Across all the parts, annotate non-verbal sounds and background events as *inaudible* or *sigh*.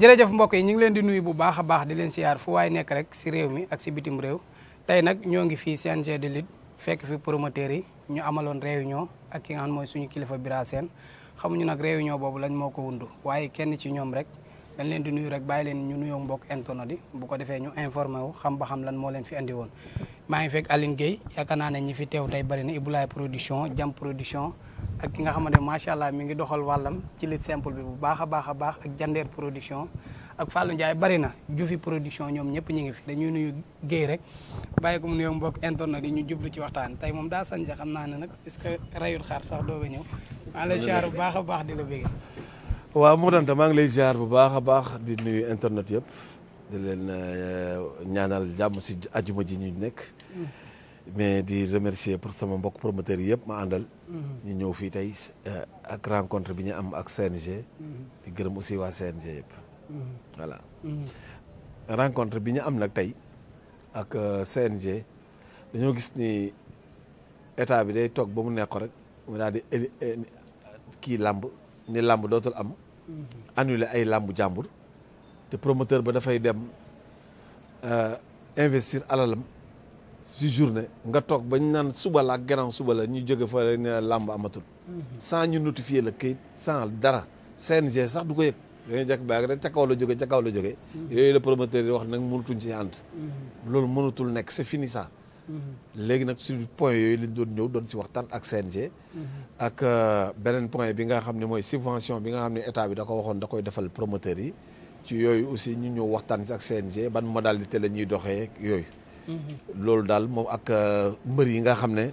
jërëjëf mbokk yi ñu ngi leen di nuyu bu baax a baax di leen siyaar fu waay nekk rek si réew mi ak si bitim réew tey nag ñoo ngi fii CNG de lutte fekk fi promoteurs yi ñu amaloon réunion ak ki nga xam mooy suñu kilifa Bira Sène xamuñu nag réunion boobu lañ moo ko wundu waaye kenn ci ñoom rek dañ leen di nuyu rek bàyyi leen ñu nuyoo mbokk internet yi bu ko defee ñu informé wu xam ba xam lan moo leen fi andi woon maa ngi fekk Aline Gueye yaakaar naa ne ñi fi teew tey bëri na Ibulaay production Jam production ak ki nga xamante ne macha allah mi ngi doxal wàllam ci lit simple bi bu baax a baax a baax ak Jandeer production ak Fallou Ndiaye bëri na Jufi production ñoom ñëpp ñu ngi fi dañuy nuyu Guèye rek bàyyi ko mu mbokk internet yi ñu jublu ci waxtaan tey moom daa sañ xam naa ne nag est-ce que rayul xaar sax doo ko ñëw maa baax a baax di la bëgg waaw moo danta maa ngi lay ziar bu baax a baax di nuyu internet yëpp di leen eh, ñaanal jàmm si ajuma ji ñu nekk mm. mais di remercier pour sama mbokk promoteurs yëpp ma àndal mm. ñu ñëw fii tey eh, ak rencontre bi ñu am ak CNG mm. di waa CNG rencontre bi ñu am nag tey ak eh, CNG dañoo gis ni état bi day toog ba mu nekk rek mu daal di kii làmb ni làmb dootul am anule ay làmb jàmbur te promoteur ba dafay dem euh, investir alalam si journée nga toog ba ñu naan suba la ak gannaaw suba la ñu jóge fa rek ne làmb amatul sans ñu notifier la kayit sans dara CNG sax du ko yëg dañuy jekk baag rek ca kaw la jóge ca kaw la jóge yooyu la promoteur yi wax nag mënutuñ ci ànd mm-hmm. loolu mënatul nekk c'est fini léegi nag sur point yooyu lañ doon ñëw doon si waxtaan ak CNG. ak euh, beneen point bi nga xam ne mooy subvention bi nga xam ne état bi da ko waxoon da koy defal promoteur yi. ci yooyu aussi ñu ñëw waxtaan si ak CNG ban modalité la ñuy doxee yooyu. Mhm. loolu daal moom ak euh, mbër yi nga xam ne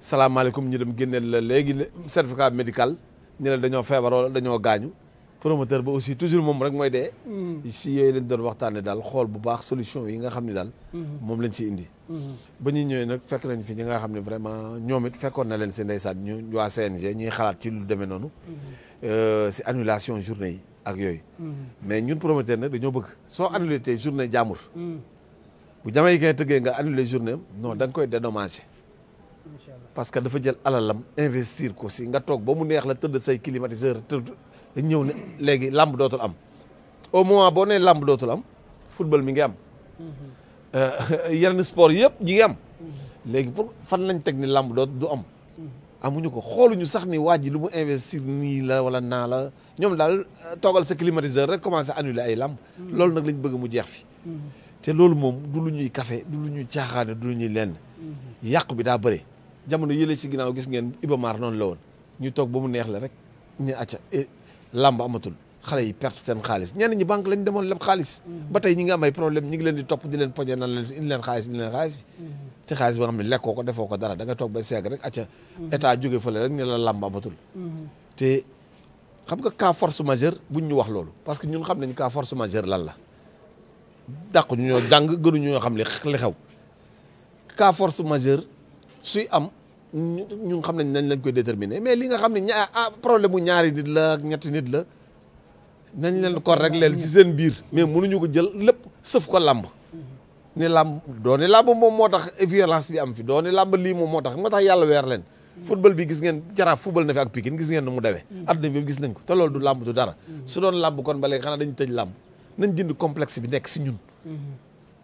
salaamaaleykum ñu dem génneel la léegi certificat médical ñu ne dañoo feebar dañoo gaañu. promoteur ba aussi toujours moom rek mooy dee. si mm. yooyu lañ doon waxtaanee daal xool bu baax solution yi nga xam ne daal. Mm-hmm. moom lañ si indi. Mm-hmm. ba ñu ñëwee nag fekk nañ fi ñi nga xam ne vraiment ñoom it fekkoon na leen si ndeysaan ñu waa CNG ñuy xalaat ci lu demee noonu. si mm-hmm. euh, annulation journée yi ak yooyu. mais ñun promoteur nag dañoo bëgg soo annulé tey journée jaamur. Mm. bu jamee yi kay tëggee nga annulé journée am non mm. da nga koy dédommagé. parce que dafa jël alalam investir ko si nga toog ba mu neex la tëdd say climatiseur tëdd. ñëw ne léegi làmb dootul am au moment boo nee làmb dootul am football mi ngi am mm-hmm. euh, yenn sport yëpp ñi ngi am mm-hmm. léegi pour fan lañ teg ni làmb doot du am mm-hmm. amuñu ko xooluñu sax ni waa lu mu investir nii la walla naa la ñoom daal euh, toogal sa climatiseur rek commencé annuler ay làmb loolu nag lañ bëgg mu jeex fi te loolu moom ñuy café du lu ñuy du lu ñuy lenn bi daa bëri jamono yële si ginnaaw gis ngeen Iba Mar noonu la woon ñu toog ba mu neex la rek ñu acca eh, làmb amatul xale yi perte seen xaalis ñenn ñi banque lañ demoon leb xaalis mm-hmm. ba tey ñi nga am ay problème ñi ngi leen di topp di leen poñe nan leen indi leen xaalis bi indi leen xaalis bi ci mm-hmm. xaalis bi nga xam ne lekkoo ko defoo ko dara da nga toog ba seeg rek acca mm-hmm. état jóge fële rek ne la làmb amatul te xam nga cas force majeure buñ ñu wax loolu parce que ñun xam nañ cas force majeure lan la dàqu ñu ñoo jàng gënuñu ñoo xam li li xew cas force majeure suy am ñun xam nañ nañ lañ koy déterminer mais li nga xam ne ñaa ah, ah, problème mu ñaari nit la ak ñetti nit la nañ leen ko régleel ci seen biir mais mënuñu ko jël lépp sëf ko làmb mm-hmm. ni làmb dooni làmb moom moo tax violence bi am fi dooni làmb lii moom moo tax moo tax yàlla weer leen mm-hmm. football bi gis ngeen jaraaf football na fi ak Pikine gis ngeen nu mu demee mm-hmm. adduna bi gis nañ ko te loolu du làmb du dara su doon làmb kon ba léegi xanaa dañu tëj làmb nañ dindi complexe bi nekk ci ñun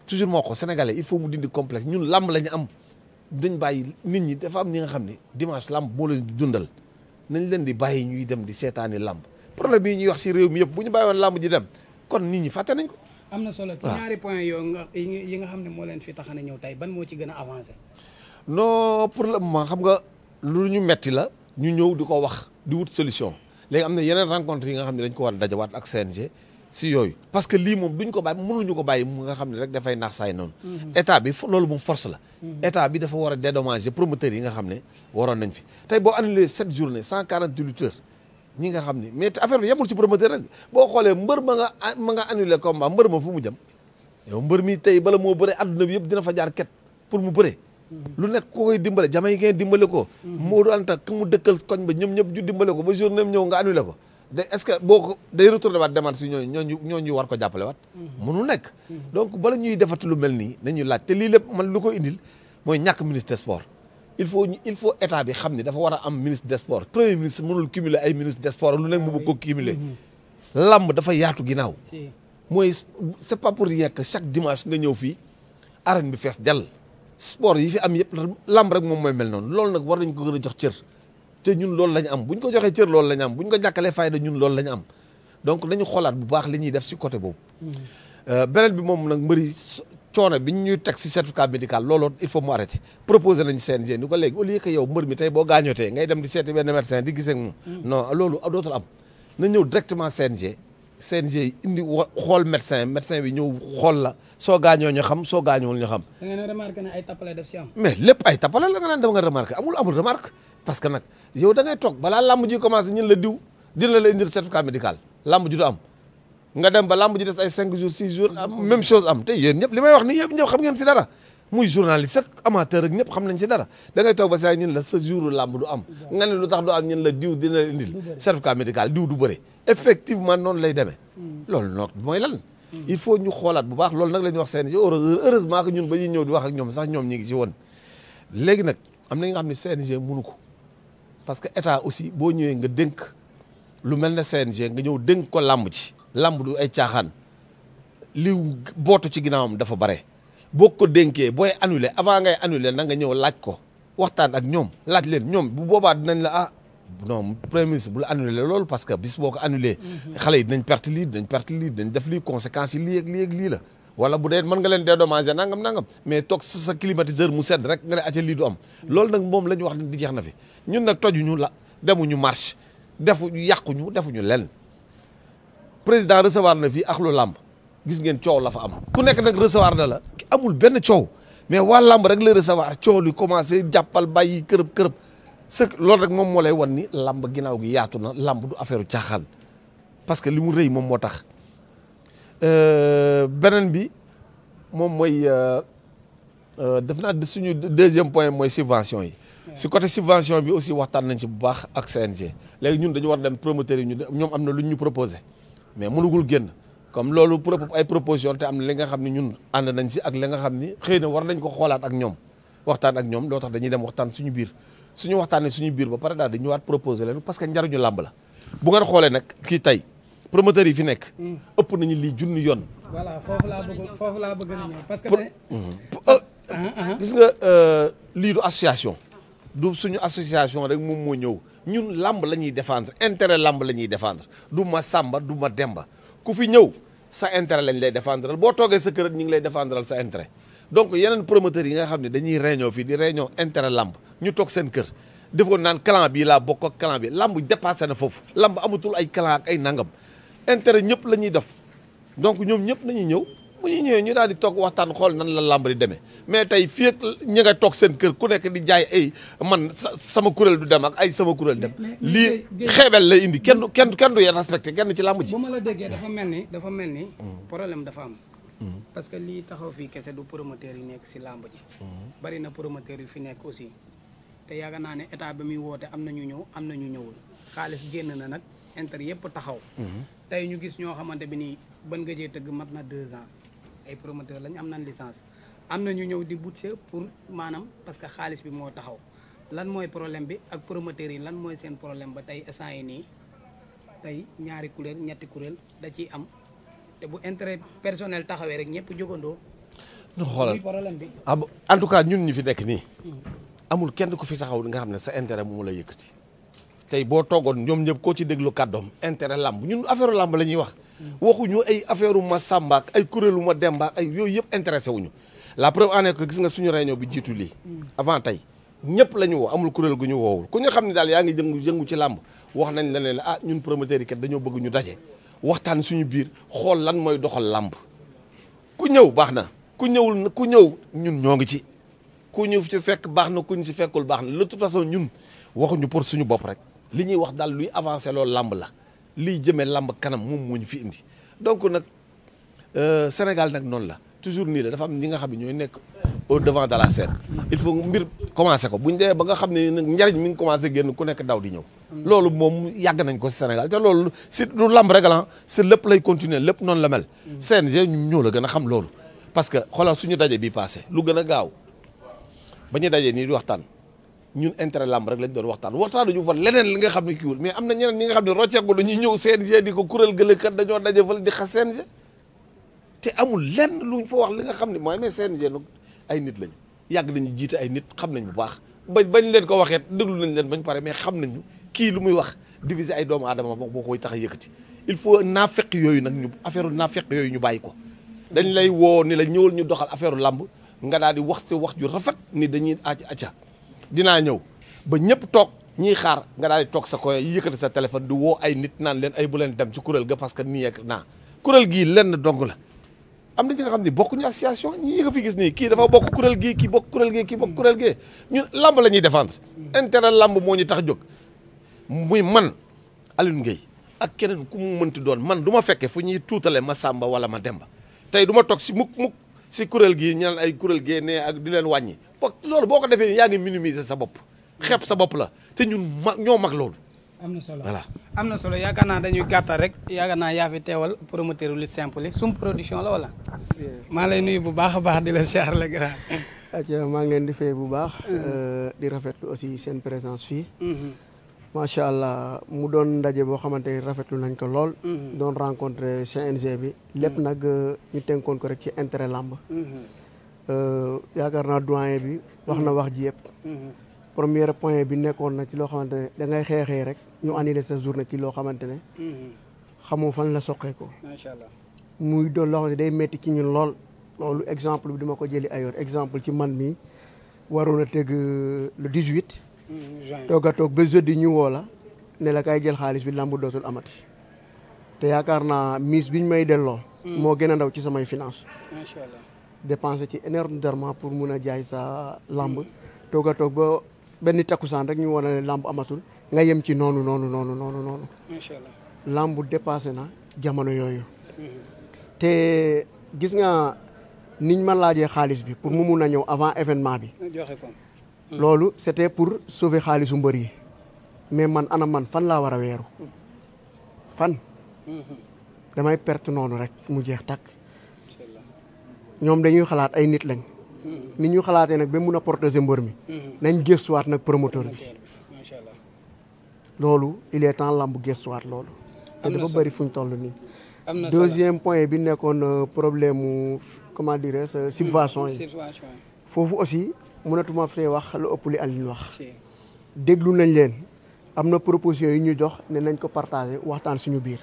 toujours moo ko sénégalais il faut mu dindi complexe ñun làmb la ñu am dañ bàyyi nit ñi dafa am ñi nga xam ni dimanche làmb moo leen di dundal nañ leen di bàyyi ñuy dem di seetaani làmb problème yi ñuy wax si réew mi yëpp bu ñu bàyyi woon làmb ji dem kon nit ñi fàtte nañ ko. am na solo ñaari point yooyu nga yi xam ne moo leen fi tax a ñëw tey ban moo ci gën a avancé. pour problème ma xam nga lu ñu metti la ñu ñëw di ko wax di wut solution léegi am na yeneen rencontre yi nga xam ne dañ ko war a dajawaat ak CNG. si yooyu parce que lii moom duñ ko bàyyi mënuñu ko bàyyi mu nga xam ne rek dafay naax saay noonu mhm. état bi loolu moom force la mhm. état bi dafa war a dédommager promoteurs yi nga xam ne waroon nañ fi tey boo annulé sept journées cent quarante huit heures ñi nga xam ne mais affaire bi yemul ci promoteur rek boo xoolee mbër ma nga ma nga annulé combat mbër ma fu mu jëm yow mbër mi tey bala moo bëre adduna bi yëpp dina fa jaar ket pour mu bëree mhm. lu nekk ku koy dimbale jamay kee dimbale ko Modou Anta ku mu dëkkal koñ ba ñoom ñëpp ju dimbale ko ba journée ñëw nga annulé ko de est-ce que boo ko day retourné waat demaat si ñooñu ñooñu ñooñu war ko jàppale waat. mënul mhm. nekk. Mhm. donc bala ñuy defati lu mel nii nañu laaj te lii lépp man lu ko indil mooy ñàkk ministre sport. il faut il faut état bi xam ni dafa war a am ministre des sports premier ministre mënul cumuler ay ministre des sports lu nekk mu bëgg ko cumuler. Mhm. lamb dafa yaatu ginnaaw. mooy c'est pas pour rien que chaque dimanche nga ñëw fii. arène bi fees jàll. sport yi fi am yëpp lamb rek moom mooy mel noonu loolu nag war nañ ko gën jox cër. te ñun loolu lañu am bu ñu ko joxee cër loolu la ñu am ko ñàkkalee fayda ñun loolu la am donc nañu xoolaat bu baax li def si côté boobu. Euh, beneen bi moom nag mbëri coono bi ñuy teg si certificat médical looloo il faut mu arrêté proposé nañu CNG ni ko léegi au lieu que yow mbër mi tey boo gaañotee ngay dem di seeti benn médecin di gisee ak moom. Mm. no loolu dootul am na ñëw directement CNG. CNG indi wo xool médecin médecin bi ñëw xool la soo gaañoo ñu xam soo gaañool ñu xam. da ngeen a remarqué ne ay tapale def si am. mais lépp ay tapale la nga parce que nag yow da ngay toog balaa làmb ji commencé la diw dina la indil certificat médical làmb ji du am nga dem ba làmb ji des ay 5 jours 6 jours même chose am te yéen ñëpp li may wax nii yëpp ñëpp xam ngeen si dara muy journaliste ak amateur ak nañ si dara da ngay toog ba saa la sa jour làmb du am nga ne lu tax du la diw dina la indil certificat médical diw du bëre effectivement noonu lay demee loolu noog mooy lan il faut ñu xoolaat bu baax loolu nag la ñuy wax seen si heureusement que ñuy ñëw di wax ak ñoom sax ñoom ñi ngi si woon léegi nag am na nga xam ne CNG mënu ko parce que état aussi boo ñëwee nga dénk lu mel ne CNG nga ñëw dénk ko làmb ci làmb du ay caaxaan li bootu ci ginnaawam dafa bare boo ko dénkee booy annulé avant ngay annulé na nga ñëw laaj ko waxtaan ak ñoom laaj leen ñoom bu boobaa dinañ la ah non premier ministre bul annulé lool parce que bis boo ko annulé. Mm-hmm. xale yi dinañ perte lii dinañ perte lii dinañ def lii conséquences yi lii ak lii ak lii la. wala bu dee mën nga leen dédommager nangam nangam mais toog sa sa mu sedd rek nga ne acca lii du am loolu nag moom la ñu wax ne di jeex na fi ñun nag tojuñu la demuñu marche defuñu yàquñu defuñu lenn président recevoir na fii axlu làmb gis ngeen coow lafa am ku nekk nag recevoir na la amul benn coow mais waa làmb rek la recevoir coow li commencé jàppal bàyyi kërëb kërëb së loolu rek moom moo lay wan ni làmb ginnaaw gi yaatu na làmb du affaire caaxaan parce que li mu rëy moom moo tax Euh, beneen bi moom mooy euh, euh, def naa suñu deuxième point mooy subvention yi. si côté subvention bi aussi waxtaan nañ si bu baax ak CNG. léegi ñun dañu war dem promoteur yi ñu ñoom am na lu ñu proposé mais mënugul génn comme loolu pro ay proposition te am na li nga xam ne ñun ànd nañ si ak li nga xam ni xëy na war nañ ko xoolaat ak ñoom waxtaan ak ñoom loo tax dañuy dem waxtaan suñu biir suñu waxtaanee suñu biir ba pare daal dañu waat proposé leen parce que njariñu làmb la bu ngeen xoolee nag kii tey. promoteurs yi fi nekk. ëpp nañu lii junni yoon. voilà foofu laa bëgg nañu parce que. Euh, ah, ah, ah. nga euh, lii du association. du suñu association rek moom moo ñëw ñun làmb la ñuy défendre intérêt làmb la ñuy défendre du ma Samba du ma Demba ku fi ñëw sa intérêt lañ lay défendral boo toogee sa kër ñu ngi lay défendral sa intérêt. donc yeneen promoteurs yi nga xam ne dañuy réunion fii di réunion intérêt làmb ñu toog seen kër defoon naan clan bii laa bokk ak clan bi làmb dépassé na foofu lamb amatul ay clan ak ay nangam. intérêt ñëpp la ñuy def donc ñoom ñëpp nañuy ñëw bu ñu ñëwee ñu daal di toog waxtaan xool nan la làmb di demee mais tey fii ak ñi nga toog seen kër ku nekk di jaay ay man sama kuréel du dem ak ay sama kuréel dem. lii xeebel la indi kenn kenn kenn du respecté kenn ci làmb ji. ma la déggee dafa ni dafa mel ni. Mm. problème dafa am. Mm. parce que lii taxaw fii kese du promoteur yi nekk si làmb ji. Mm. bari na promoteur yu fi nekk aussi te yaakaar naa ne état ba muy woote am na ñu ñëw am na ñu ñëwul xaalis génn na nag intérêt yëpp taxaw. Mm-hmm. tey ñu gis ñoo xamante bi nii ban nga jee tëgg mat na deux ans ay promoteur lañ am nañ licence am na ñu ñëw di bootse pour maanaam parce que xaalis bi moo taxaw lan mooy problème bi ak promoteurs yi lan mooy seen problème ba tey instant yi nii tey ñaari kuréel ñetti kuréel da ciy am te bu intérêt personnel taxawee rek ñëpp jógandoo. ñu xoolal problème bi. Ah en tout cas ñun ñi fi nekk nii. Hmm. amul kenn ku fi taxaw nga xam ne sa intérêt moomu la yëkkati. tey boo toogoon ñoom ñëpp koo ci déglu kàddoom intérêt làmb ñun affaire làmb la ñuy wax. waxuñu ay affaire ma Samba ak ay kuréelu ma Demba ay yooyu yëpp intéressé wuñu la preuve en est que gis nga suñu réunion bi jiitu lii. avant tey ñëpp la ñu woo amul kuréel gu ñu woowul ku ñu xam ne daal yaa ngi jëngu jëngu ci làmb wax nañ la ne ah ñun promoteurs yi kat dañoo bëgg ñu daje waxtaan suñu biir xool lan mooy doxal làmb ku ñëw baax na ku ñëwul ku ñëw ñun ñoo ngi ci ku ñu ci fekk baax na ku ñu ci fekkul baax na de toute ñun waxuñu pour suñu bopp rek. li ñuy wax daal luy avancé loolu lamb la liy jëmee làmb kanam moom moo ñu fi indi donc nag euh, Sénégal nag noonu la toujours nii la dafa am ñi nga xam ne ñooy nekk au devant de la scène il faut mbir commencé ko bu demee ba nga xam ne nag njariñ mi ngi commencé génn ku nekk daw di ñëw loolu moom yàgg nañ ko si Sénégal te loolu si du làmb rek la si lépp lay continuer lépp noonu la mel CNG ñoo la gën a xam loolu parce que xoolal suñu daje bi passé lu gën a gaaw ba ñu dajee nii di waxtaan ñun intérêt lamb rek lañ doon waxtaan waxtaanuñu fa leneen li nga xam ne kiiwul mais am na ñeneen ñi nga xam ne rocceeku dañuy ñëw CNG di ko kuréel gëlëkat dañoo daje fële di xas CNG te amul lenn luñ fa wax li nga xam ne mooy mais CNG nag ay nit lañu yàgg nañu jiite ay nit xam nañ bu baax ba bañ leen ko waxee déglu nañ leen bañ pare mais xam nañu kii lu muy wax diviser ay doomu aadama moo koy tax a yëkkati il faut naafeq yooyu nag ñu affaire naafeq yooyu ñu bàyyi ko dañ lay woo ni la ñëwal ñu doxal affaire lamb nga daal di wax se wax ju rafet ni dañuy acca acca dinaa ñëw ba ñëpp toog ñiy xaar nga daal di toog sa koy yëkkati sa téléphone di woo ay nit naan leen ay bu leen dem ci kuréel ga parce que nii ak naa kuréel gii lenn dong la am na nga xam ni bokkuñu association ñi nga fi gis nii kii dafa bokk kuréel gii kii bokk kuréel gii kii bokk kuréel gii ñun lamb la ñuy défendre intérêt lamb moo ñu tax jóg muy man Alioune Ngueye ak keneen ku mu mënti doon man du ma fekke fu ñuy tuutale ma sàmba wala ma Demba tey duma toog si mukk mukk si kuréel gii ñu naan ay kuréel gee nee ak di leen wàññi bokk loolu boo ko defee nii yaa ngi minimiser sa bopp xeeb sa bopp la te ñun mag ñoo mag loolu. am na solo voilà am na solo yaakaar naa dañuy gàttal rek yaakaar naa yaa teewal promoteur li simple sum production la wala. maa lay nuyu bu baax a baax di la siyaar la grand. atia maa ngi leen di fay bu baax. Mm. Euh, di rafetlu aussi seen présence fii. Mm-hmm. macha allah mu doon ndaje boo xamante ni rafetlu nañ ko lool. Mm-hmm. doon rencontré CNG bi. lépp mm-hmm. nag euh, ñu tënkoon ko rek ci intérêt làmb. Euh, yaakaar naa doyen bi wax na wax ji yëpp mm-hmm. première point bi nekkoon na ci loo xamante ne da ngay xeexee rek ñu annulé sa journée ci loo xamante ne mm-hmm. xamoo fan la soqee ko macha allah muy doon loo day métti ci ñun lool loolu exemple bi dama ko jëli ayoor exemple ci man mi waroon a tëgg euh, le dix huit mm-hmm. toog a toog ba jeudi ñu woo la ne la kay jël xaalis bi lambu dootul amati te yaakaar naa mise ñu may delloo mm. moo gën a ndaw ci samay finance dépensé ci énormément pour mun a jaay sa lamb toog a toog ba benn takkusaan rek ñu wane ne lamb amatul nga yem ci noonu noonu noonu noonu noonu. macha allah lamb dépassé na jamono yooyu. Mhm. te gis nga niñ ma laajee xaalis bi pour mu mun a ñëw avant événement bi. joxe ko mhm. loolu c'était pour sauver xaalisu mbër yi mais man ana man fan laa war a weeru mhm. fan. damay perte noonu rek mu jeex takk. ñoom dañuy xalaat ay nit lañ. Hmm. ni ñuy xalaatee nag ba mun a protéger mbër mi. Hmm. nañ gëstuwaat nag promoteur bi. loolu il est temps lamb gëstuwaat loolu. te dafa bëri fu ñu toll nii. deuxième point bi nekkoon euh, problème mu comment dirais-je hmm. subvention yi. foofu aussi mënatuma fee wax lu ëpp li Aline wax. déglu nañ leen am na proposition yi ñu jox ne nañ ko partager waxtaan suñu biir.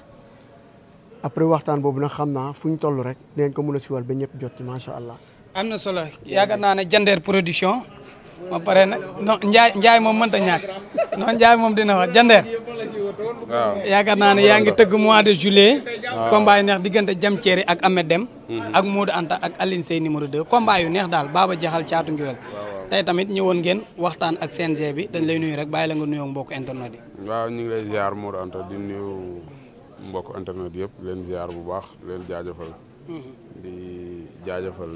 après waxtaan boobu na xam naa fu ñu toll rek dinañ ko mën a siwal ba ñëpp jot ci allah. am na solo yaakaar naa ne Jandeer production ma pare nag non Ndiaye Ndiaye moom mënta ñàkk non Ndiaye moom dina wax Jandeer. waaw yaakaar naa ne yaa ngi tëgg mois de juillet. waaw combat neex diggante Jam Thierry ak Ahmed Dem mhm. ak Modou Anta ak Aline Sey numéro 2 combat yu neex daal baaba Jaxal Caatu Ngéwél. tey tamit ñëwoon ngeen waxtaan ak CNG bi dañ lay nuyu rek bàyyi la nga nuyoo mbokk internet yi. mbokk internet yëpp leen ziar bu baax leen jaajëfal mm-hmm. di jaajëfal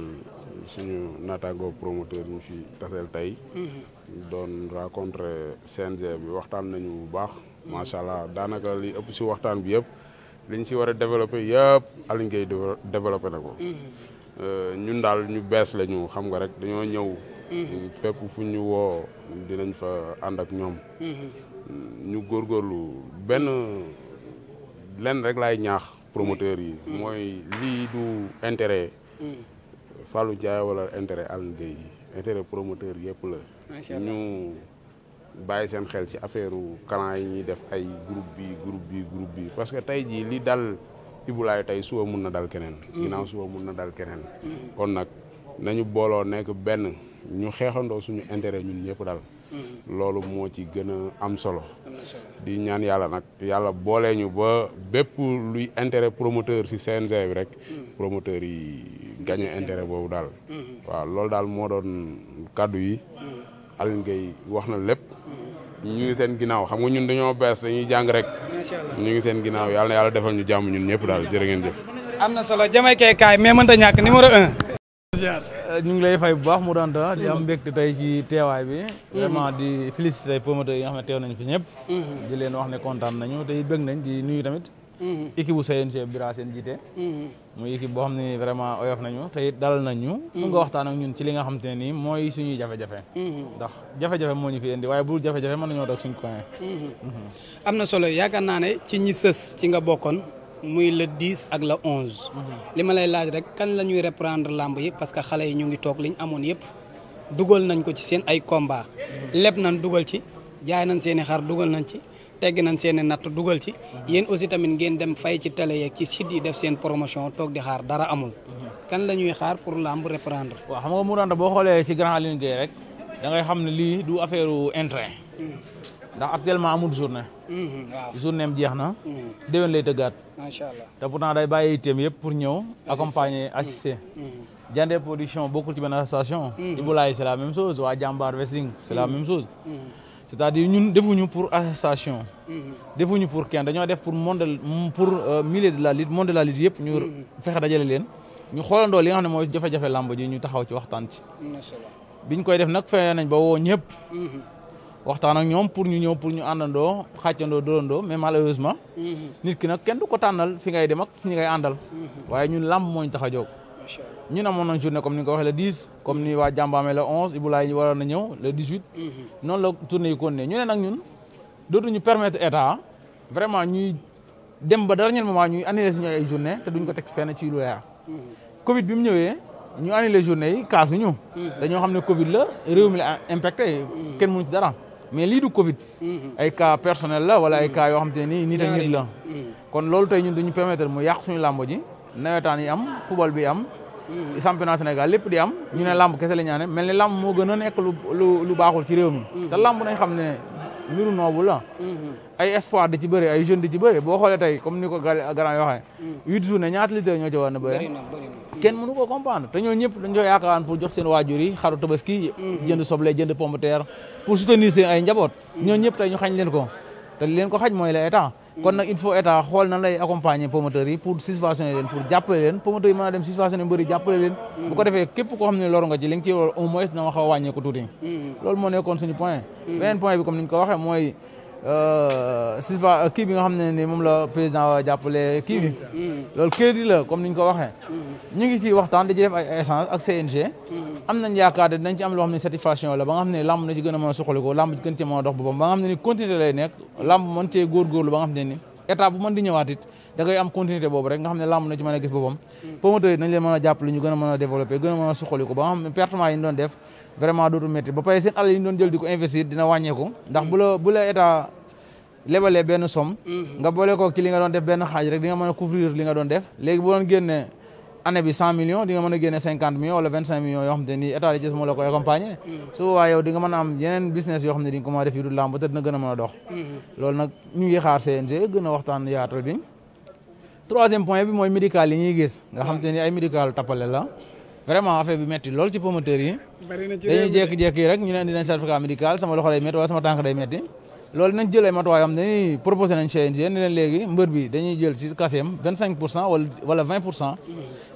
suñu naataango promoteur ñu fi taseel tey mm-hmm. doon rencontre CNG bi waxtaan nañu bu baax macha allah daanaka li ëpp si waxtaan bi yëpp liñ si war a développé yëpp Aliou Ngueye développé na ko mm-hmm. euh, ñun daal ñu bees lañu xam nga rek dañoo ñëw fépp fu ñu woo dinañ fa ànd ak ñoom ñu góorgóorlu benn lenn rek laay ñaax promoteur yi mm. mooy lii du intérêt mm. falu Ndiaye wala intérêt al Gueye yi intérêt promoteur yëpp la ñu bàyyi seen xel si affaire clan yi ñuy def ay groupe bi groupe bi groupe bi parce que tey jii li dal Ibulaay tey suba mun na dal keneen mm. ginnaaw suba mun na dal keneen kon nag nañu booloo nekk benn ñu xeexandoo suñu intérêt ñun ñëpp dal loolu moo ci gën a am solo di ñaan yàlla nag yàlla boolee ñu ba bépp luy intérêt promoteur ci CNG bi rek mm. promoteur yi gagné intérêt boobu daal mm-hmm. waaw loolu daal moo doon kàddu yi mm. alingéey wax na lépp mm. ñu ngi seen ginnaaw xam nga ñun dañoo bees dañuy jàng rek ñu ngi seen ginnaaw yàlla yàlla defal ñu jàmm ñun ñëpp daal jërë ngeen jëf am na solo Jamaïcain kaay mais mënta ñàkk numéro un ñu ngi lay fay bu baax mu danta di am mbégte tey ci teewaay bi. vraiment di féliciter promoteurs yi nga xam ne teew nañ fi ñëpp. di leen wax ne kontaan nañu te it bëgg nañ di nuyu tamit. équipe bu CNG Bira seen jiite. muy équipe boo xam ne vraiment oyof nañu tey dal dalal nañu. mu nga waxtaan ak ñun ci li nga xam te ne nii mooy suñuy jafe-jafe. ndax jafe-jafe moo ñu fi indi waaye bu jafe-jafe mën nañoo toog suñu coin. am na solo yaakaar naa ne ci ñi sës ci nga bokkoon. muy le 10 ak le 11. Mhm. li ma lay laaj rek kan la ñuy reprendre làmb yi parce que xale yi ñu ngi toog liñ amoon yëpp dugal nañ ko ci seen ay combat mhm. lépp nañ dugal ci jaay nañ seen i dugal nañ ci tegg nañ seen i natt dugal ci. Mhm. yéen aussi tamit ngeen dem fay ci télé yeeg ci site yi def seen promotion toog di xaar dara amul. kan la ñuy xaar pour làmb reprendre. waaw xam nga Mourante boo xoolee ci Grand Aline Gueye rek da xam ne lii du affaire entrain. ndax actuellement amul journée. Mhm, waaw journée am jeex na. Mhm. déwén lay tëggaat. macha allah te pourtant day yëpp pour ñëw. accompagner mhm. assister. Jandé production bokkul ci benn association. Ibulaay c' est la même chose waa Jambar Wrestling c' est la même chose. c' est à dire ñun defuñu pour association. defuñu pour kenn dañoo def pour monde pour euh, de la lutte monde de la lutte yëpp ñu fexe dajale leen. ñu xoolandoo li nga xam ne mooy jafe-jafe làmb ji ñu taxaw ci waxtaan ci. biñ koy def nag nañ ba ñëpp. waxtaanak ñoom pour ñu ñëw pour ñu doo xàccandoo dóorandoo mais malheureusement. Mhm. nit ki nag kenn du ko tànnal fi ngay dem ak ñi ngay àndal. Mhm. waaye ñun làmb moo ñu tax a ñu ñun amoon nañ journée comme ni nga ko waxee le 10 comme ni waa Jàmbaame le 11 Ibulaay ñu waroon a ñëw le 18. Mhm. noonu la tournée yi continué ñu ne nag ñun dootuñu permettre état vraiment ñuy dem ba dernier moment ñuy annulé suñu ay journée te duñ ko teg fenn ci lu leer. Covid bi mu ñëwee. ñu annulé journée yi kaasuñu. dañoo xam ne Covid la réew mi la impacté. kenn dara. mais lii du Covid. Mhm. ay cas personnel la wala ay ka mhm. yoo xam te ni nit ak nit la. Mhm. kon loolu tey ñun duñu permettre mu yàq ñu làmb ji nawetaan yi am football bi am. championnat Sénégal lépp di am. ñu ne làmb kese la ñaane mel ni làmb moo gën a nekk lu lu lu baaxul ci réew mi. te làmb nañ xam ne mbiru noobu la. Mhm. ay espoir di ci bëri ay jeunes di ci bëri boo xoolee tey comme ni ko grand yoo xam mhm. ne. huit journée ñaata litre ñoo ci war na bëri. Mhm. kenn mënu ko comprendre te ñoo ñëpp dañoo yaakaaraan pour jox seen waajur yi xaru tabaski. jënd soble jënd pomme de terre pour soutenir seen ay njaboot. ñoo ñëpp tey ñu xañ leen ko te li ko xañ mooy la état. kon nag il faut état na lay accompagner promoteurs yi pour subventionner leen pour jàppale leen promoteurs yi mën a dem subventionner mbëri jàppale leen mm. bu ko defee képp koo xam ne loru nga ci li nga ci loolu au moins dina ma xaw a wàññeeku tuuti mm. loolu moo nekkoon suñu point mm. beneen Euh, Silva euh, kii bi nga xam ne ni moom la président wa jàppale kii bi mm. Mm. loolu crédit la comme ni ñu ko waxee mm. ñu ngi ci waxtaan da ci def ay échange ak CNG am nañ yaakaar ne dinañ ci am loo xam ne satisfaction la ba nga xam ne lamb na ci gën a mën a suqaliko lamb gën ci mën a dox boppam ba nga xam ne ni continuité lay nekk lamb mën cee góorgóorlu ba nga xam ne ni état bu mën di ñëwaat it da am continuité boobu rek nga xam ne lamb na ci man a gis boppam promoteur yi nañ leen mën a jàppale ñu gën a mën a développé gën a mën a suqali ko ba nga xam ne pertement yi ñu doon def vraiment dootu métti ba pare seen alal yi ñu doon jël di ko investir dina wàññeeku ndax bu la bu la état lebalee benn som mm-hmm. nga boole ko ci li nga doon def benn xaaj rek di nga mën a couvrir li nga doon def léegi bu doon génne année bi cent millions di nga mën a génne cinquante millions wala vingt cinq millions yoo xam te ni moo la koy accompagner mm-hmm. su boobaa yow di nga a am yeneen business yoo xam di nga ko mën a def yu dul làmb te dina gën a mën a dox mm-hmm. loolu nag ñu yaatal bi troisième point bi mooy médical yi ñuy gis nga xam te ni ay médical tappale la vraiment affaire bi metti lool ci promoteurs yi dañuy jékki-jékki rek ñu leen di nañ certificat médical sama loolu nañ jël ay matuwaayam dañuy proposé nañ CNG ne leen léegi mbër bi dañuy jël ci kaseem vingt cinq pour cent wala wala vingt pour cent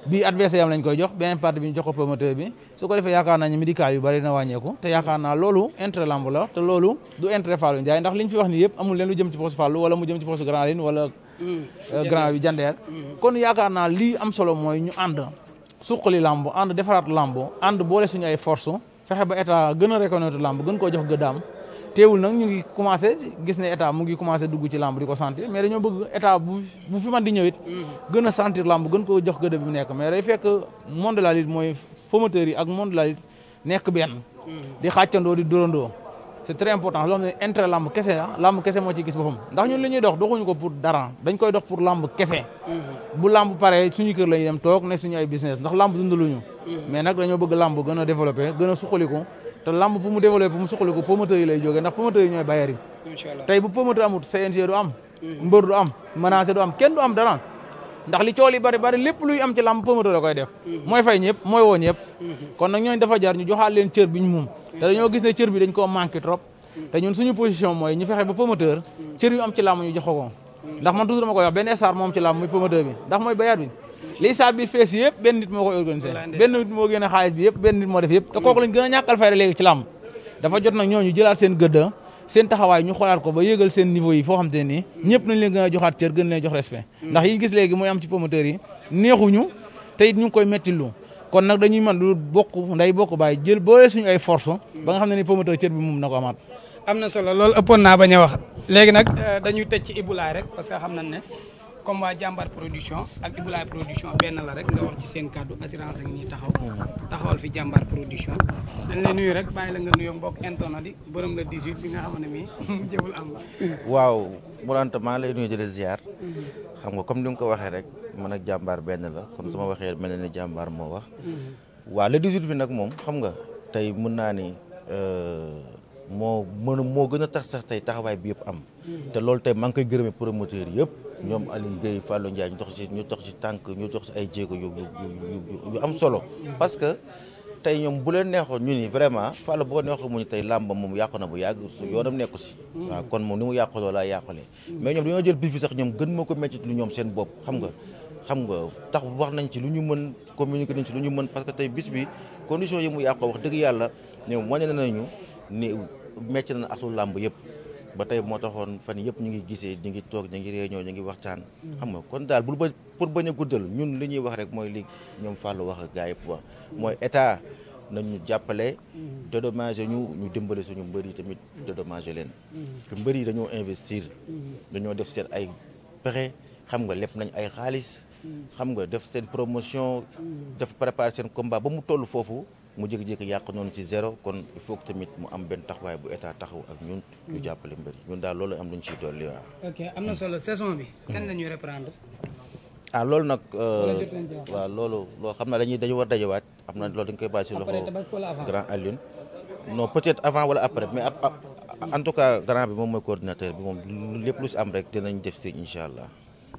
bii adversaire am lañ koy jox beneen partie bi ñu jox ko promoteur bi su ko defee yaakaar naa ñu médical yu bari na wàññeeku te yaakaar naa loolu intérêt lamb la te loolu du intérêt Fallou Ndiaye ndax li fi wax nii yëpp amul leen lu jëm ci poche Fallou wala mu jëm ci poche Grand Line wala mm. euh, grand bi jandeer mm. kon yaakaar naa lii am solo mooy ñu ànd suqali lamb ànd defaraat lamb ànd boole suñu ay force fexe ba état gën a reconnaître lamb gën koo jox gëddaam teewul nag ñu ngi commencé gis ne état mu ngi commencé dugg ci lamb di ko sentir mais dañoo bëgg état bu fi man di ñëwit mm-hmm. gën a sentir lamb gën koo jox gëdd bi mu nekk mais da fekk monde de la lutte mooy formateur yi ak monde la nekk benn mm-hmm. di xàccandoo di dorandoo c'est très important loo xam lamb kese lamb kese moo ci gis boppam ndax ñun li ñuy dox doxuñu ko pour dara dañ koy dox pour lamb kese mm-hmm. bu lamb pare suñu kër lañuy dem toog ne suñu ay business ndax lamb dundaluñu mais nag dañoo bëgg lamb gën a développé gën a suqaliku te lamb pour mu développé pour mu suqaliku promoteur yi lay jógee ndax promoteur yi ñooy bailleurs yi. tey bu amut CNG du am. Mhm. mbër du am menacé du am kenn du am dara. ndax li cool yi bari bari lépp luy am ci lamb promoteur da koy def. Mhm. mooy fay ñëpp mooy woo ñëpp. Mhm. kon nag ñooñu dafa jar ñu joxaat leen cër bi ñu moom. te dañoo gis ne cër bi dañ koo manqué trop. te ñun suñu position mooy ñu fexe ba promoteur. cër yu am ci lamb ñu jox ko ndax man toujours dama koy wax li saab fees yëpp benn nit moo koy organisé benn nit moo génne xaalis bi yëpp benn nit moo def yëpp te kooku lañ gën a ñàkkal fayda léegi ci làmb dafa jot nag ñooñu jëlaat seen gëdd seen taxawaay ñu xoolaat ko ba yëgal seen niveau yi foo xam te nii ñëpp nañ leen gën a joxaat cër gën leen jox respect mm. ndax yi gis léegi mooy am ci promoteurs yi neexuñu te ñu ngi koy metti kon nag dañuy mën du bokk nday bokk bàyyi jël boo suñu ay force ba nga xam ne ni promoteur cër bi moom na ko amaat am na solo loolu ëppoon naa bañ wax léegi nag euh, dañuy tëj ci Ibou Laye parce que xam nañ ne comme waa jàmbar production ak Ibulaay production benn la rek nga wax ci seen kàddu assurance ak ñuy taxaw taxawal fi jàmbar production dañ la nuyu rek bàyyi la nga nuyoo mbokk internet di borom la 18 bi nga xam ne mii *laughs* jëbul am waaw mu anta maa lay nuyu di la ziar xam nga comme ni nga ko waxee rek man ak jàmbaar benn la kon su ma waxee mel ne ni jàmbaar moo wax waaw le 18 bi nag moom xam nga tey mun naa ni euh, moo mën moo gën a tax sax tey taxawaay bi yëpp am te loolu tey maa ngi koy gërëmee promoteurs yëpp ñoom Alioune Gueye Fallou Ndiaye ñu dox ci ñu dox ci tànk ñu dox ci ay jéego yu yu am solo. parce que tey ñoom bu leen neexoon ñu ni vraiment Fallou boo neexoon mu ni tey làmb moom yàqu na bu yàgg yoonam nekku si. waaw kon moom ni mu yàqu loola le mais ñoom dañoo jël bis bi sax ñoom gën ma ko métti lu ñoom seen bopp xam nga. xam nga tax wax nañ ci lu ñu mën communiquer nañ si lu ñu mën parce que tey bis bi condition yi mu yàqoo wax dëgg yàlla ñoom wane nañu ni métti na axlu làmb yëpp. ba tey moo taxoon fan yëpp ñu ngi gisee ñu ngi toog ñu ngi réunion ñu ngi waxtaan. xam nga kon daal bu ba pour bañ a guddal ñun li ñuy wax rek mooy li ñoom Fallou wax ak gars yëpp wax mooy état nañu jàppale. Mm-hmm. dédommagé ñu ñu dimbale suñu mbër yi tamit dédommagé leen. te mm-hmm. mbër yi dañoo investir. Mm-hmm. dañoo def seen ay pexe xam nga lépp nañ ay xaalis. xam nga def seen promotion. def préparer seen combat ba mu toll foofu. mu jékki-jékki yàq noonu ci zéro kon il faut que tamit mu am benn taxawaay bu état taxaw ak ñun. ñu hmm. jàppale mbër yi ñun daal loolu am lu ñu ciy dolli am na solo saison bi. Hmm. kan la ñuy reprendre. ah loolu nag. Euh, waaw loolu loo xam ne dañuy dañu war dajewaat am na loolu dañ koy bàyyi ci loxo grand Alioune. non peut-être avant wala après mais en tout cas grand bi moom mooy coordinateur bi moom lépp lu si am rek dinañ def si incha allah.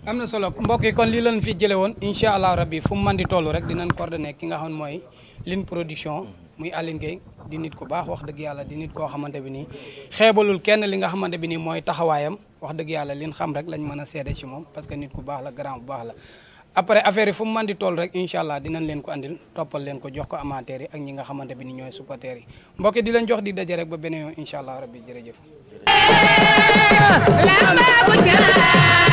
am na solo mbokk yi kon lii lañ fi jëlee woon incha allah rabbi fu mu mën di toll rek dinañ coordonné ki nga xam mooy. lin Production muy Aline Gueye di nit ku baax wax dëgg yàlla di nit koo xamante bi nii xeebalul kenn li nga xamante bi nii mooy taxawaayam wax dëgg yàlla lin xam rek lañ mën a seede ci moom parce que nit ku baax la grand bu baax la après affaire yi fu mu mën di toll rek incha allah dina leen ko andil toppal leen ko jox ko amateurs yi ak ñi nga xamante bi ni ñooy supporters yi mbokki di leen jox di daje rek ba beneen yoon incha allah rabbi jërëjëf